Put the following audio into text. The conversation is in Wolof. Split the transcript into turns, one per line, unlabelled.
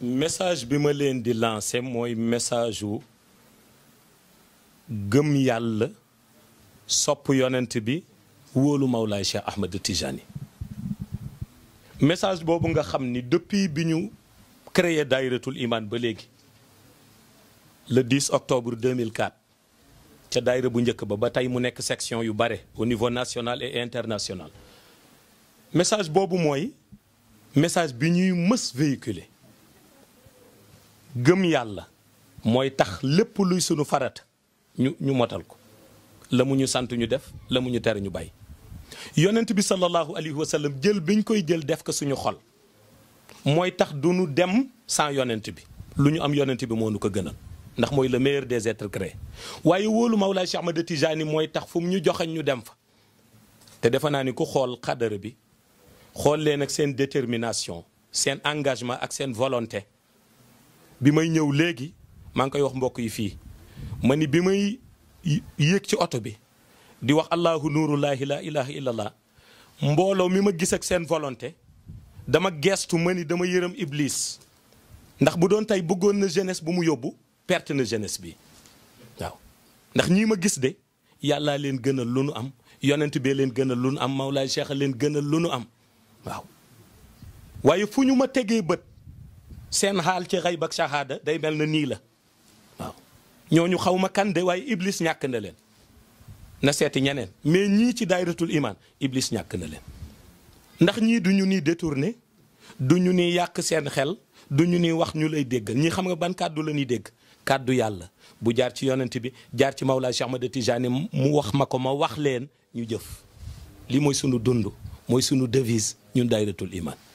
message bi ma leen di lancer mooy message wu gëm yàlla sopp yonent bi wóolu Mawlaay Cheikh Ahmed Tijani message boobu nga xam ni depuis bi ñu créer daayiratul iman ba léegi le 10 octobre 2004 ca daayira bu njëkk ba ba tey mu nekk section yu bare au niveau national et international message boobu mooy message bi ñuy mës véhiculer gëm yàlla mooy tax lépp luy sunu farata ñu ñu motal ko la mu ñu sant ñu def la mu ñu tere ñu bàyyi yonent bi sallallahu alayhi wa sallam jël biñ koy jël def ko suñu xol mooy tax du ñu dem sans yonent bi lu ñu am yonent bi moo nu ko gënal ndax mooy le meilleur des êtres créés waaye wóolu Mawlaay ma Ahmada Tijaani mooy tax fu mu ñu joxañ ñu dem fa te defe naa ni ku xool xadara bi xool leen ak seen détermination seen engagement ak seen volonté bi may ñëw léegi maa ngi koy wax mbokk yi fii ma ni bi may yéeg ci oto bi di wax allahu nuru la ilaha illallah mbooloo mi ma gis ak seen volonté dama geestu ma ni dama yërëm iblis ndax bu doon tey bëggoon na jeunesse bu mu yóbbu perte na jeunesse bi waaw ndax ñii ma gis de yàllaa leen gënal lu nu am yonent bee leen gënal lu nu am Mawlaay Cheikh leen gënal lu nu am waaw waaye fu ñu ma tegee bët seen xaal ci xayb ak day mel na nii la waaw ñooñu xaw ma kan de waaye iblis ñàkk na leen na seeti ñeneen mais ñii ci daayratul imaan iblis ñàkk na leen ndax ñii du ñu ni détourné du ñu ni yàq seen xel du ñu ni wax ñu lay déggal ñi xam nga ban kàddu lañuy dégg kàddu yàlla bu jaar ci yonent bi jaar ci Mawlaa Cheikh Ahmad Tijaani mu wax ma ko ma wax leen ñu jëf li mooy sunu dund mooy sunu devise ñun daayratul imaan